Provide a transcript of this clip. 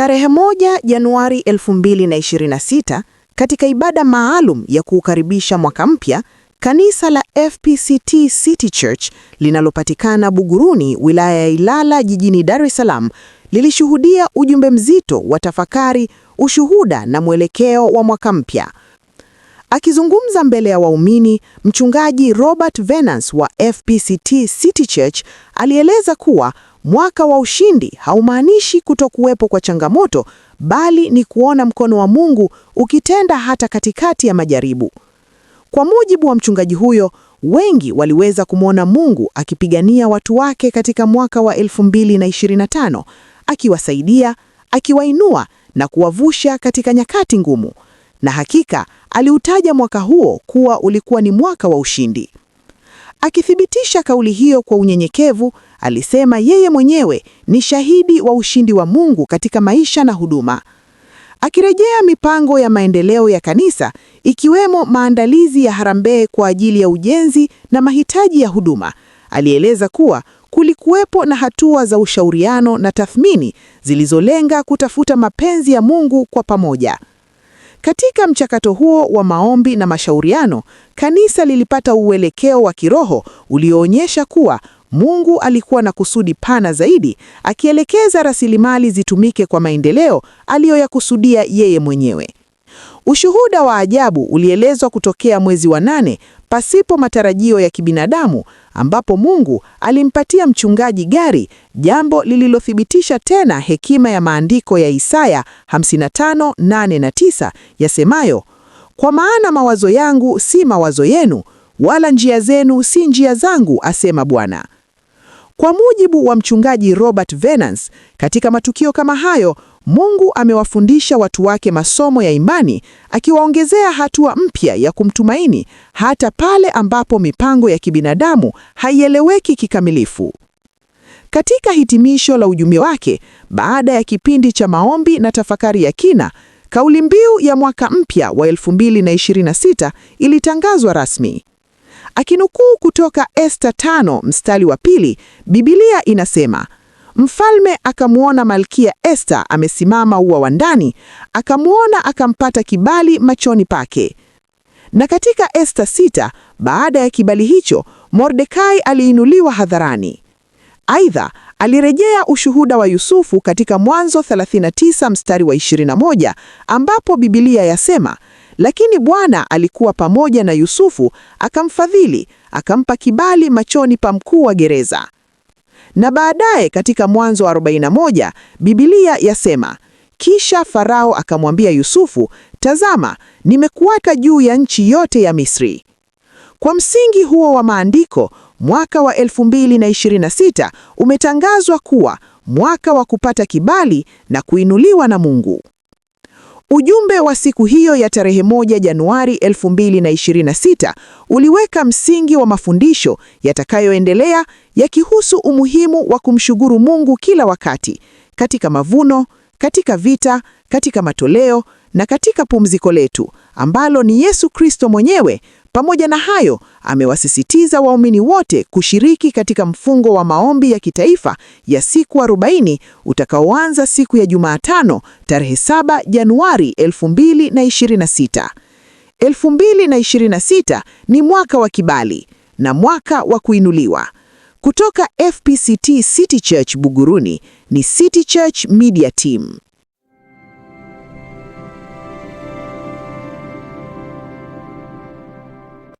Tarehe moja Januari 2026 katika ibada maalum ya kuukaribisha mwaka mpya, kanisa la FPCT City Church linalopatikana Buguruni, wilaya ya Ilala, jijini Dar es Salaam, lilishuhudia ujumbe mzito wa tafakari, ushuhuda na mwelekeo wa mwaka mpya. Akizungumza mbele ya waumini, mchungaji Robert Venance wa FPCT City Church alieleza kuwa Mwaka wa ushindi haumaanishi kutokuwepo kwa changamoto, bali ni kuona mkono wa Mungu ukitenda hata katikati ya majaribu. Kwa mujibu wa mchungaji huyo, wengi waliweza kumwona Mungu akipigania watu wake katika mwaka wa 2025, akiwasaidia, akiwainua na kuwavusha katika nyakati ngumu. Na hakika aliutaja mwaka huo kuwa ulikuwa ni mwaka wa ushindi. Akithibitisha kauli hiyo kwa unyenyekevu, alisema yeye mwenyewe ni shahidi wa ushindi wa Mungu katika maisha na huduma. Akirejea mipango ya maendeleo ya kanisa ikiwemo maandalizi ya harambee kwa ajili ya ujenzi na mahitaji ya huduma, alieleza kuwa kulikuwepo na hatua za ushauriano na tathmini zilizolenga kutafuta mapenzi ya Mungu kwa pamoja. Katika mchakato huo wa maombi na mashauriano, kanisa lilipata uelekeo wa kiroho ulioonyesha kuwa Mungu alikuwa na kusudi pana zaidi, akielekeza rasilimali zitumike kwa maendeleo aliyoyakusudia yeye mwenyewe. Ushuhuda wa ajabu ulielezwa kutokea mwezi wa nane pasipo matarajio ya kibinadamu, ambapo Mungu alimpatia mchungaji gari, jambo lililothibitisha tena hekima ya maandiko ya Isaya 55:8 na 9 yasemayo, kwa maana mawazo yangu si mawazo yenu, wala njia zenu si njia zangu, asema Bwana. Kwa mujibu wa mchungaji Robert Venance, katika matukio kama hayo Mungu amewafundisha watu wake masomo ya imani, akiwaongezea hatua mpya ya kumtumaini hata pale ambapo mipango ya kibinadamu haieleweki kikamilifu. Katika hitimisho la ujumbe wake, baada ya kipindi cha maombi na tafakari ya kina, kauli mbiu ya mwaka mpya wa 2026 ilitangazwa rasmi. Akinukuu kutoka Esta tano mstari wa pili, Biblia inasema Mfalme akamwona Malkia esta amesimama ua wa ndani, akamwona akampata kibali machoni pake. Na katika Esta sita, baada ya kibali hicho, Mordekai aliinuliwa hadharani. Aidha, alirejea ushuhuda wa Yusufu katika Mwanzo 39 mstari wa 21 ambapo Biblia yasema, lakini Bwana alikuwa pamoja na Yusufu akamfadhili, akampa kibali machoni pa mkuu wa gereza na baadaye katika Mwanzo wa 41 Biblia yasema, kisha Farao akamwambia Yusufu, tazama, nimekuweka juu ya nchi yote ya Misri. Kwa msingi huo wa maandiko, mwaka wa 2026 umetangazwa kuwa mwaka wa kupata kibali na kuinuliwa na Mungu. Ujumbe wa siku hiyo ya tarehe moja Januari 2026 uliweka msingi wa mafundisho yatakayoendelea yakihusu umuhimu wa kumshukuru Mungu kila wakati, katika mavuno, katika vita, katika matoleo na katika pumziko letu ambalo ni Yesu Kristo mwenyewe pamoja na hayo, amewasisitiza waumini wote kushiriki katika mfungo wa maombi ya kitaifa ya siku 40 utakaoanza siku ya Jumatano tarehe 7 Januari 2026. 2026 ni mwaka wa kibali na mwaka wa kuinuliwa. Kutoka FPCT City Church Buguruni ni City Church Media Team.